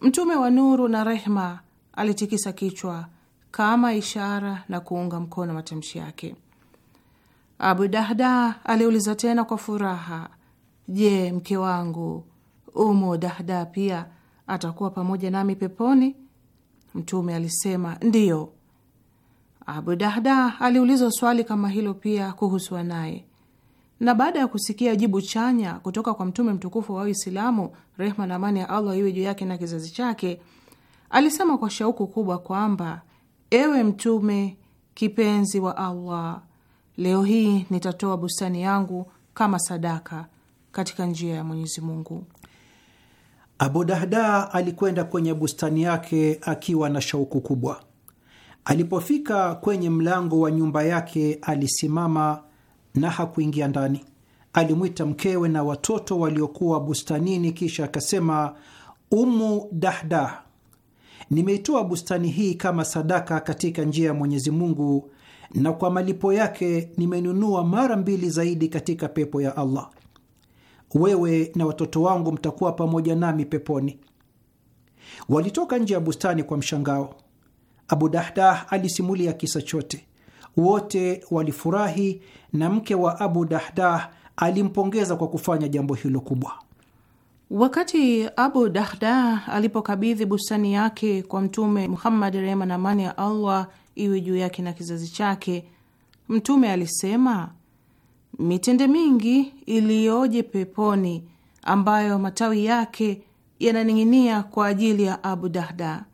Mtume wa nuru na rehma alitikisa kichwa kama ishara na kuunga mkono matamshi yake. Abu Dahda aliuliza tena kwa furaha, je, mke wangu Umu Dahda pia atakuwa pamoja nami peponi? Mtume alisema ndiyo. Abu Dahda aliulizwa swali kama hilo pia kuhusu naye, na baada ya kusikia jibu chanya kutoka kwa Mtume mtukufu wa Waislamu, rehma na amani ya Allah iwe juu yake na kizazi chake, alisema kwa shauku kubwa kwamba Ewe Mtume kipenzi wa Allah, leo hii nitatoa bustani yangu kama sadaka katika njia ya Mwenyezi Mungu. Abu Dahda alikwenda kwenye bustani yake akiwa na shauku kubwa. Alipofika kwenye mlango wa nyumba yake, alisimama na hakuingia ndani. Alimwita mkewe na watoto waliokuwa bustanini, kisha akasema, Umu Dahdah, Nimeitoa bustani hii kama sadaka katika njia ya Mwenyezi Mungu, na kwa malipo yake nimenunua mara mbili zaidi katika pepo ya Allah. Wewe na watoto wangu mtakuwa pamoja nami peponi. Walitoka nje ya bustani kwa mshangao. Abu Dahdah alisimulia kisa chote. Wote walifurahi na mke wa Abu Dahdah alimpongeza kwa kufanya jambo hilo kubwa. Wakati Abu Dahda alipokabidhi bustani yake kwa Mtume Muhammad, rehema na amani ya Allah iwe juu yake na kizazi chake, Mtume alisema, mitende mingi iliyoje peponi ambayo matawi yake yananing'inia kwa ajili ya Abu Dahda.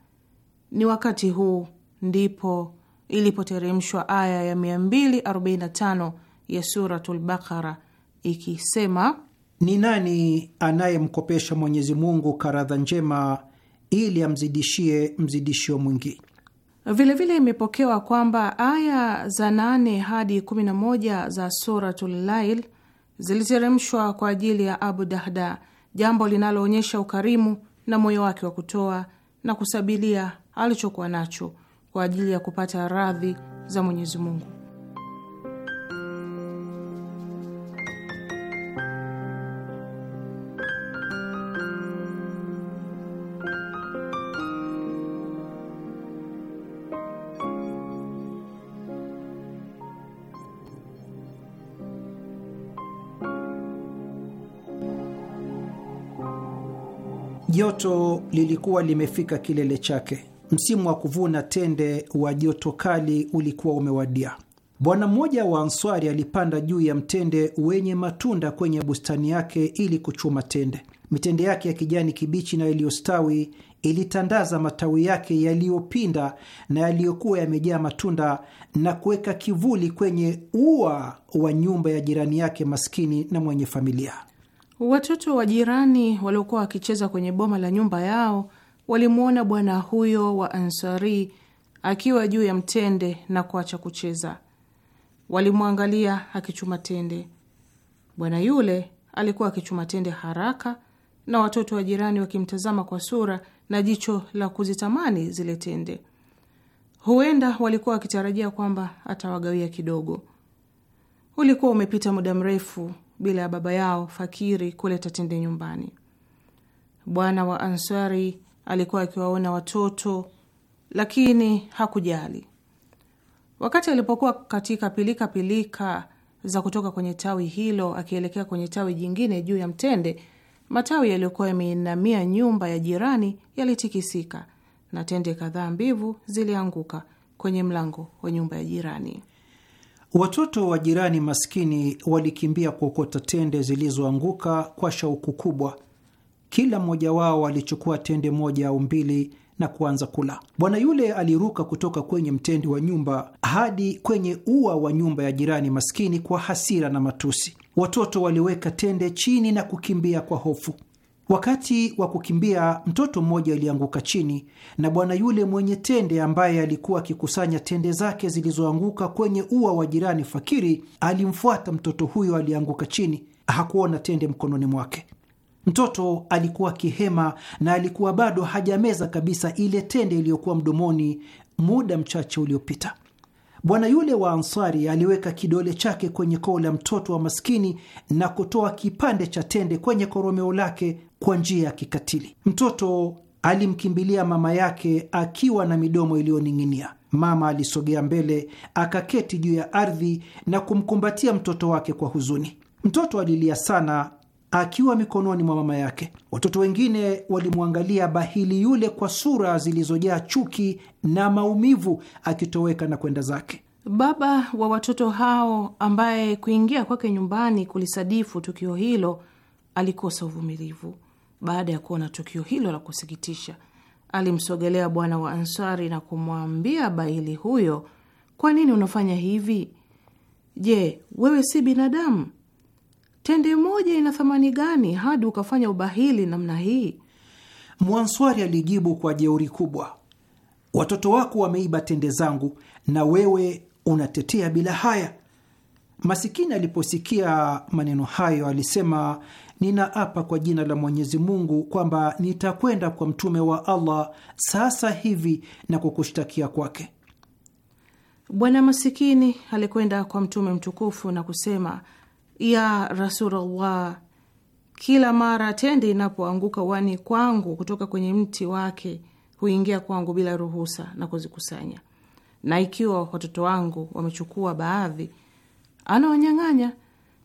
Ni wakati huu ndipo ilipoteremshwa aya ya 245 ya Suratul Baqara ikisema ni nani anayemkopesha Mwenyezi Mungu karadha njema ili amzidishie mzidishio mwingi? Vilevile imepokewa kwamba aya za nane hadi kumi na moja za Suratul Lail ziliteremshwa kwa ajili ya Abu Dahda, jambo linaloonyesha ukarimu na moyo wake wa kutoa na kusabilia alichokuwa nacho kwa ajili ya kupata radhi za Mwenyezi Mungu. Joto lilikuwa limefika kilele chake. Msimu wa kuvuna tende wa joto kali ulikuwa umewadia. Bwana mmoja wa Answari alipanda juu ya mtende wenye matunda kwenye bustani yake ili kuchuma tende. Mitende yake ya kijani kibichi na iliyostawi ilitandaza matawi yake yaliyopinda na yaliyokuwa yamejaa matunda na kuweka kivuli kwenye ua wa nyumba ya jirani yake maskini na mwenye familia. Watoto wa jirani waliokuwa wakicheza kwenye boma la nyumba yao walimwona bwana huyo wa Ansari akiwa juu ya mtende na kuacha kucheza. Walimwangalia akichuma tende. Bwana yule alikuwa akichuma tende haraka, na watoto wa jirani wakimtazama kwa sura na jicho la kuzitamani zile tende. Huenda walikuwa wakitarajia kwamba atawagawia kidogo. Ulikuwa umepita muda mrefu bila ya baba yao fakiri kuleta tende nyumbani. Bwana wa Ansari alikuwa akiwaona watoto lakini hakujali. Wakati alipokuwa katika pilika pilika za kutoka kwenye tawi hilo akielekea kwenye tawi jingine juu ya mtende, matawi yaliyokuwa yameinamia nyumba ya jirani yalitikisika na tende kadhaa mbivu zilianguka kwenye mlango wa nyumba ya jirani. Watoto wa jirani maskini walikimbia kuokota tende zilizoanguka kwa shauku kubwa. Kila mmoja wao alichukua tende moja au mbili na kuanza kula. Bwana yule aliruka kutoka kwenye mtende wa nyumba hadi kwenye ua wa nyumba ya jirani maskini kwa hasira na matusi. Watoto waliweka tende chini na kukimbia kwa hofu. Wakati wa kukimbia, mtoto mmoja alianguka chini na bwana yule mwenye tende ambaye alikuwa akikusanya tende zake zilizoanguka kwenye ua wa jirani fakiri alimfuata mtoto huyo aliyeanguka chini. Hakuona tende mkononi mwake. Mtoto alikuwa kihema na alikuwa bado hajameza kabisa ile tende iliyokuwa mdomoni muda mchache uliopita. Bwana yule wa Ansari aliweka kidole chake kwenye koo la mtoto wa maskini na kutoa kipande cha tende kwenye koromeo lake kwa njia ya kikatili. Mtoto alimkimbilia mama yake akiwa na midomo iliyoning'inia. Mama alisogea mbele, akaketi juu ya ardhi na kumkumbatia mtoto wake kwa huzuni. Mtoto alilia sana akiwa mikononi mwa mama yake. Watoto wengine walimwangalia bahili yule kwa sura zilizojaa chuki na maumivu, akitoweka na kwenda zake. Baba wa watoto hao ambaye kuingia kwake nyumbani kulisadifu tukio hilo alikosa uvumilivu. Baada ya kuona tukio hilo la kusikitisha, alimsogelea bwana wa Ansari na kumwambia bahili huyo, kwa nini unafanya hivi? Je, wewe si binadamu? Tende moja ina thamani gani hadi ukafanya ubahili namna hii? Mwanswari alijibu kwa jeuri kubwa, watoto wako wameiba tende zangu na wewe unatetea bila haya. Masikini aliposikia maneno hayo alisema, ninaapa kwa jina la Mwenyezi Mungu kwamba nitakwenda kwa mtume wa Allah sasa hivi na kukushtakia kwake. Bwana masikini alikwenda kwa mtume mtukufu na kusema ya Rasulullah. Kila mara tende inapoanguka wani kwangu kutoka kwenye mti wake huingia kwangu bila ruhusa na kuzikusanya, na ikiwa watoto wangu wamechukua baadhi, anawanyang'anya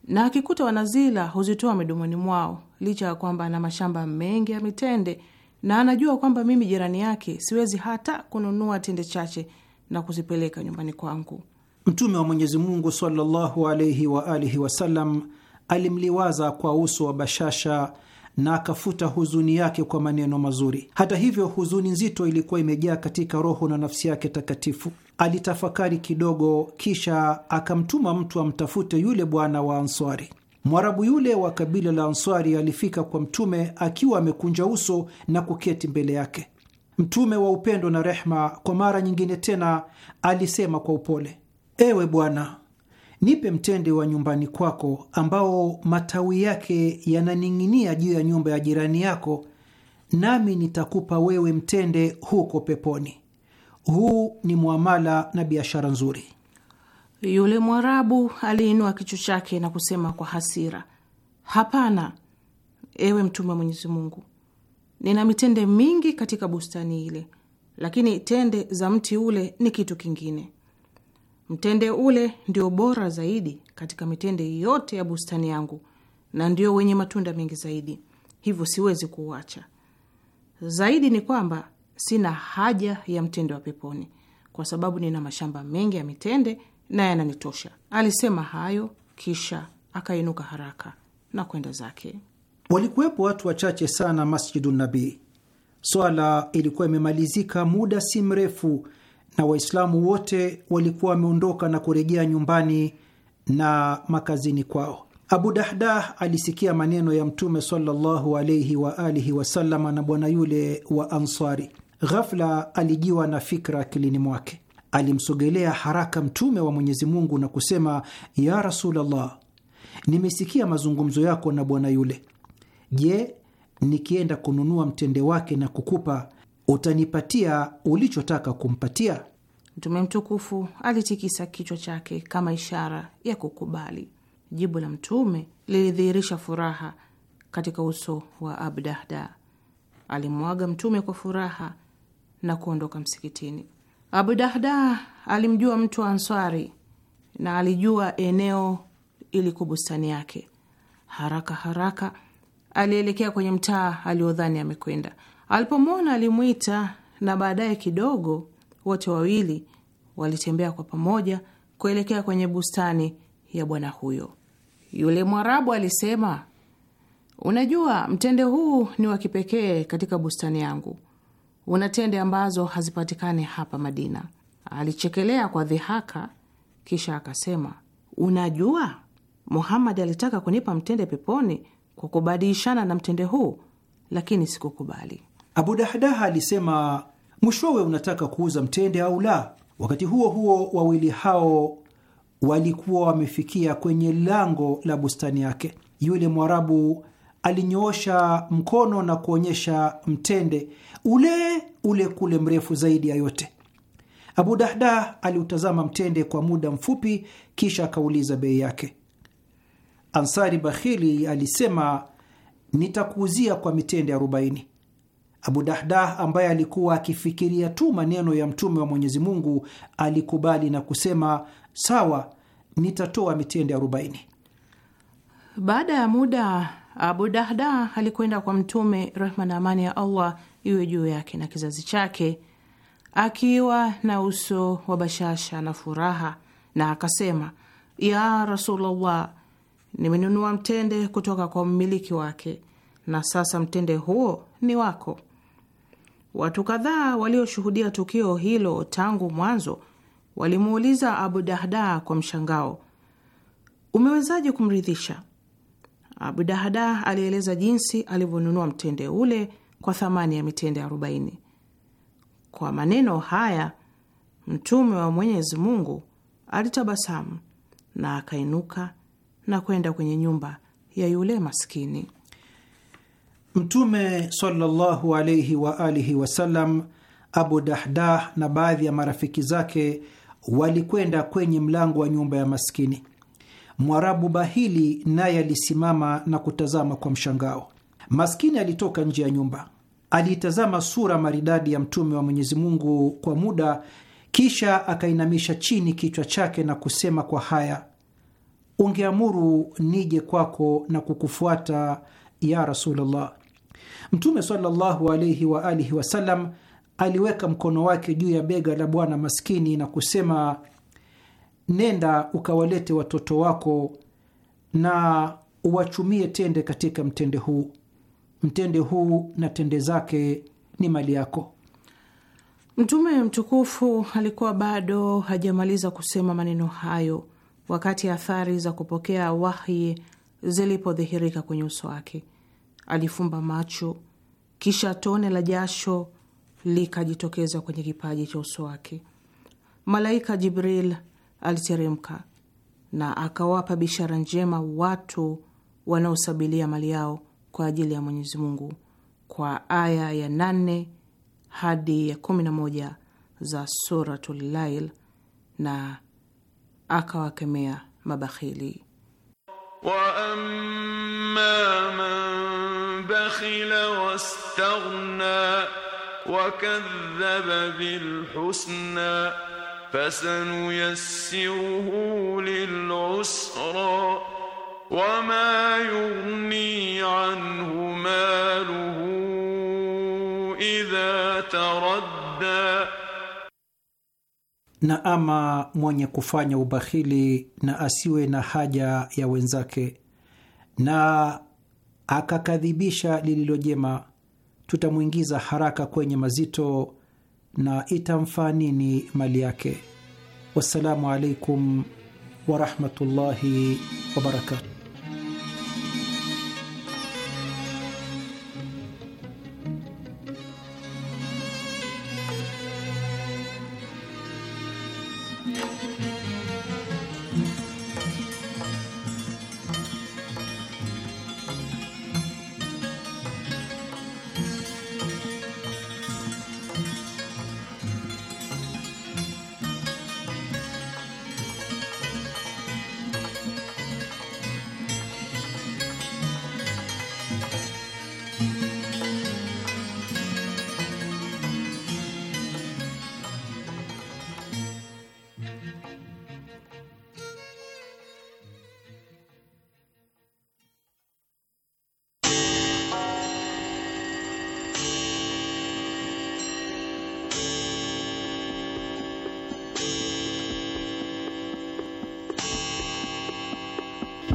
na akikuta wanazila huzitoa midomoni mwao, licha ya kwamba ana mashamba mengi ya mitende na anajua kwamba mimi jirani yake siwezi hata kununua tende chache na kuzipeleka nyumbani kwangu. Mtume wa Mwenyezi Mungu sallallahu alaihi wa alihi wasallam alimliwaza kwa uso wa bashasha na akafuta huzuni yake kwa maneno mazuri. Hata hivyo, huzuni nzito ilikuwa imejaa katika roho na nafsi yake takatifu. Alitafakari kidogo, kisha akamtuma mtu amtafute yule bwana wa Answari. Mwarabu yule wa kabila la Answari alifika kwa Mtume akiwa amekunja uso na kuketi mbele yake. Mtume wa upendo na rehma, kwa mara nyingine tena, alisema kwa upole Ewe Bwana, nipe mtende wa nyumbani kwako ambao matawi yake yananing'inia juu ya nyumba ya jirani yako, nami nitakupa wewe mtende huko peponi. Huu ni mwamala na biashara nzuri. Yule Mwarabu aliinua kichwa chake na kusema kwa hasira, hapana, ewe mtume wa Mwenyezi Mungu, nina mitende mingi katika bustani ile, lakini tende za mti ule ni kitu kingine. Mtende ule ndio bora zaidi katika mitende yote ya bustani yangu na ndio wenye matunda mengi zaidi, hivyo siwezi kuuacha. Zaidi ni kwamba sina haja ya mtende wa peponi kwa sababu nina mashamba mengi ya mitende na yananitosha. Alisema hayo kisha akainuka haraka na kwenda zake. Walikuwepo watu wachache sana Masjidu Nabii. Swala ilikuwa imemalizika muda si mrefu na Waislamu wote walikuwa wameondoka na kurejea nyumbani na makazini kwao. Abu dahda alisikia maneno ya Mtume sallallahu alaihi wa alihi na bwana yule wa Ansari. Ghafla alijiwa na fikra akilini mwake. Alimsogelea haraka Mtume wa Mwenyezi Mungu na kusema, ya Rasulallah, nimesikia mazungumzo yako na bwana yule. Je, nikienda kununua mtende wake na kukupa, utanipatia ulichotaka kumpatia? Mtume mtukufu alitikisa kichwa chake kama ishara ya kukubali. Jibu la Mtume lilidhihirisha furaha katika uso wa Abdahda. Alimwaga Mtume kwa furaha na kuondoka msikitini. Abudahda alimjua mtu wa Answari na alijua eneo ilikuwa bustani yake. Haraka haraka alielekea kwenye mtaa aliodhani amekwenda. Alipomwona alimwita, na baadaye kidogo wote wawili walitembea kwa pamoja kuelekea kwenye bustani ya bwana huyo. Yule Mwarabu alisema, unajua, mtende huu ni wa kipekee katika bustani yangu, una tende ambazo hazipatikani hapa Madina. Alichekelea kwa dhihaka, kisha akasema, unajua, Muhammad alitaka kunipa mtende peponi kwa kubadilishana na mtende huu, lakini sikukubali. Abu Dahdaha alisema, mwishowe unataka kuuza mtende au la? Wakati huo huo wawili hao walikuwa wamefikia kwenye lango la bustani yake. Yule Mwarabu alinyoosha mkono na kuonyesha mtende ule ule kule mrefu zaidi ya yote. Abu Dahda aliutazama mtende kwa muda mfupi, kisha akauliza bei yake. Ansari Bakhili alisema, nitakuuzia kwa mitende arobaini. Abu Dahdah ambaye alikuwa akifikiria tu maneno ya mtume wa Mwenyezi Mungu alikubali na kusema sawa, nitatoa mitende arobaini. Baada ya muda Abu Dahda alikwenda kwa Mtume, rehma na amani ya Allah iwe juu yake na kizazi chake, akiwa na uso wa bashasha na furaha, na akasema: ya Rasulullah, nimenunua mtende kutoka kwa mmiliki wake, na sasa mtende huo ni wako. Watu kadhaa walioshuhudia tukio hilo tangu mwanzo walimuuliza Abu Dahda kwa mshangao, umewezaje kumridhisha? Abu Dahda alieleza jinsi alivyonunua mtende ule kwa thamani ya mitende arobaini. Kwa maneno haya Mtume wa Mwenyezi Mungu alitabasamu na akainuka na kwenda kwenye nyumba ya yule maskini. Mtume sallallahu alayhi wa alihi wasallam, Abu Dahdah na baadhi ya marafiki zake walikwenda kwenye mlango wa nyumba ya maskini. Mwarabu bahili naye alisimama na kutazama kwa mshangao. Maskini alitoka nje ya nyumba, aliitazama sura maridadi ya Mtume wa Mwenyezi Mungu kwa muda, kisha akainamisha chini kichwa chake na kusema kwa haya, ungeamuru nije kwako na kukufuata ya Rasulullah, Mtume sallallahu alaihi wa alihi wasallam aliweka mkono wake juu ya bega la bwana maskini na kusema, nenda ukawalete watoto wako na uwachumie tende katika mtende huu. Mtende huu na tende zake ni mali yako. Mtume mtukufu alikuwa bado hajamaliza kusema maneno hayo wakati athari za kupokea wahyi zilipodhihirika kwenye uso wake. Alifumba macho kisha tone la jasho likajitokeza kwenye kipaji cha uso wake. Malaika Jibril aliteremka na akawapa bishara njema watu wanaosabilia mali yao kwa ajili ya Mwenyezi Mungu kwa aya ya nane hadi ya kumi na moja za Suratul Lail, na akawakemea mabakhili. واما من بخل واستغنى وكذب بالحسنى فسنيسره للعسرى وما يغني عنه ماله اذا تردى na ama mwenye kufanya ubakhili na asiwe na haja ya wenzake na akakadhibisha lililo jema, tutamwingiza haraka kwenye mazito na itamfaa nini mali yake? Wassalamu alaikum warahmatullahi wabarakatu.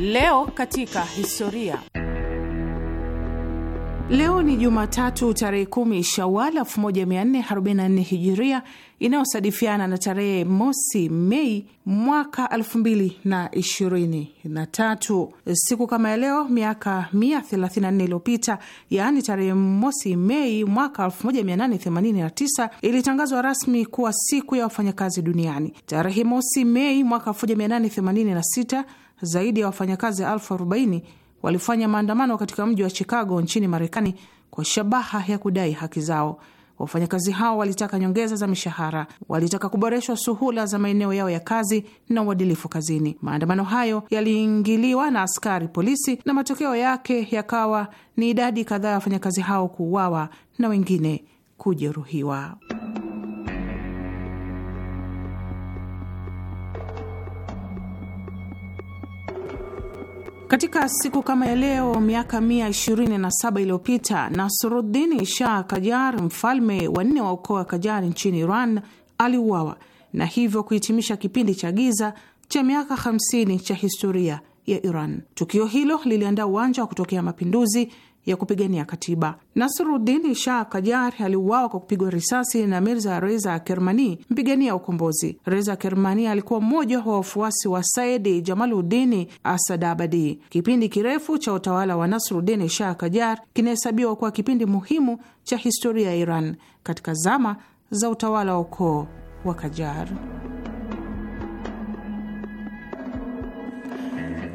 Leo katika historia. Leo ni Jumatatu tarehe kumi Shawal 1444 Hijiria inayosadifiana na tarehe mosi Mei mwaka 2023. Siku kama ya leo miaka 134 iliyopita, yaani tarehe mosi Mei mwaka 1889 ilitangazwa rasmi kuwa siku ya wafanyakazi duniani. Tarehe mosi Mei mwaka 1886 zaidi ya wafanyakazi elfu arobaini walifanya maandamano katika mji wa Chicago nchini Marekani kwa shabaha ya kudai haki zao. Wafanyakazi hao walitaka nyongeza za mishahara, walitaka kuboreshwa suhula za maeneo yao ya kazi na uadilifu kazini. Maandamano hayo yaliingiliwa na askari polisi na matokeo yake yakawa ni idadi kadhaa ya wafanyakazi hao kuuawa na wengine kujeruhiwa. Katika siku kama ya leo miaka 127 iliyopita, Nasruddin Shah Kajar, mfalme wa nne wa ukoo wa Kajar nchini Iran, aliuawa na hivyo kuhitimisha kipindi cha giza cha miaka 50 cha historia ya Iran. Tukio hilo liliandaa uwanja wa kutokea mapinduzi ya kupigania katiba. Nasrudini Shah Kajar aliuawa kwa kupigwa risasi na Mirza Reza Kermani, mpigania ukombozi. Reza Kermani alikuwa mmoja wa wafuasi wa Saidi Jamaludini Asadabadi. Kipindi kirefu cha utawala wa Nasrudini Shah Kajar kinahesabiwa kuwa kipindi muhimu cha historia ya Iran katika zama za utawala wa ukoo wa Kajar.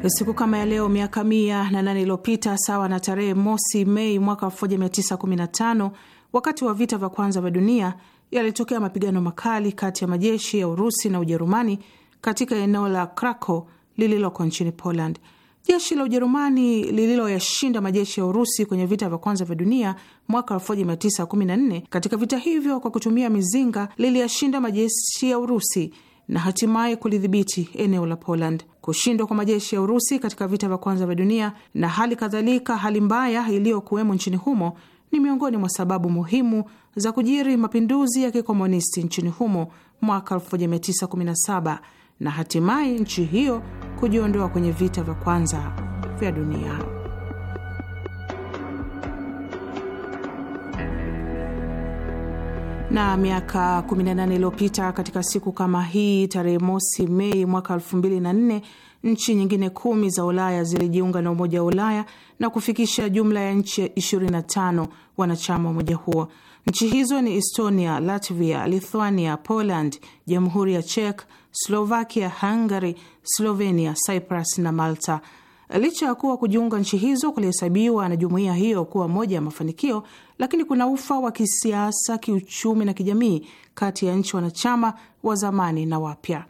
Siku kama ya leo miaka mia na nane iliyopita, sawa na tarehe mosi Mei mwaka 1915, wakati wa vita vya kwanza vya dunia, yalitokea mapigano makali kati ya majeshi ya Urusi na Ujerumani katika eneo la Krakow lililoko nchini Poland. Jeshi la Ujerumani lililoyashinda majeshi ya Urusi kwenye vita vya kwanza vya dunia mwaka 1914. Katika vita hivyo, kwa kutumia mizinga, liliyashinda majeshi ya Urusi na hatimaye kulidhibiti eneo la Poland. Kushindwa kwa majeshi ya Urusi katika vita vya kwanza vya dunia na hali kadhalika hali mbaya iliyokuwemo nchini humo ni miongoni mwa sababu muhimu za kujiri mapinduzi ya kikomunisti nchini humo mwaka 1917 na hatimaye nchi hiyo kujiondoa kwenye vita vya kwanza vya dunia. na miaka 18 iliyopita katika siku kama hii tarehe mosi Mei mwaka 2004 nchi nyingine kumi za Ulaya zilijiunga na Umoja wa Ulaya na kufikisha jumla ya nchi 25 wanachama wa umoja huo. Nchi hizo ni Estonia, Latvia, Lithuania, Poland, Jamhuri ya Czech, Slovakia, Hungary, Slovenia, Cyprus na Malta. Licha ya kuwa kujiunga nchi hizo kulihesabiwa na jumuiya hiyo kuwa moja ya mafanikio, lakini kuna ufa wa kisiasa, kiuchumi na kijamii kati ya nchi wanachama wa zamani na wapya.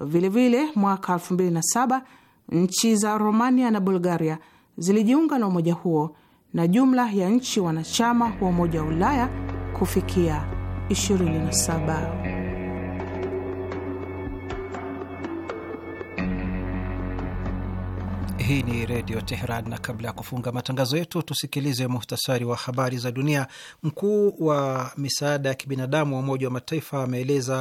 Vilevile, mwaka 2007 nchi za Romania na Bulgaria zilijiunga na umoja huo na jumla ya nchi wanachama wa Umoja wa Ulaya kufikia 27. Hii ni Redio Teheran, na kabla ya kufunga matangazo yetu tusikilize muhtasari wa habari za dunia. Mkuu wa misaada ya kibinadamu wa Umoja wa Mataifa ameeleza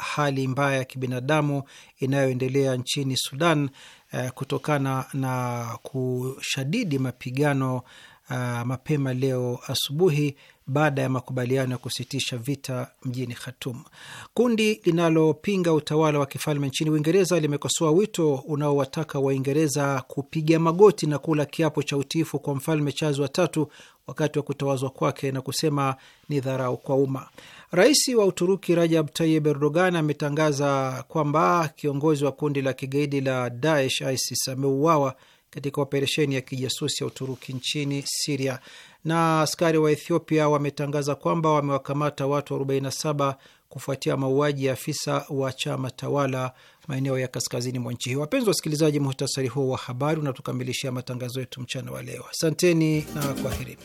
hali mbaya ya kibinadamu inayoendelea nchini Sudan eh, kutokana na kushadidi mapigano uh, mapema leo asubuhi baada ya makubaliano ya kusitisha vita mjini Khartoum. Kundi linalopinga utawala wa kifalme nchini Uingereza limekosoa wito unaowataka Waingereza kupiga magoti na kula kiapo cha utiifu kwa mfalme Charles tatu wakati wa kutawazwa kwake na kusema ni dharau kwa umma. Rais wa Uturuki Rajab Tayyip Erdogan ametangaza kwamba kiongozi wa kundi la kigaidi la Daesh ISIS ameuawa katika operesheni ya kijasusi ya Uturuki nchini Siria. Na askari wa Ethiopia wametangaza kwamba wamewakamata watu 47 kufuatia mauaji ya afisa wa chama tawala maeneo ya kaskazini mwa nchi hiyo. Wapenzi wa wasikilizaji, muhtasari huo wa habari unatukamilishia matangazo yetu mchana wa leo. Asanteni na kwaherini.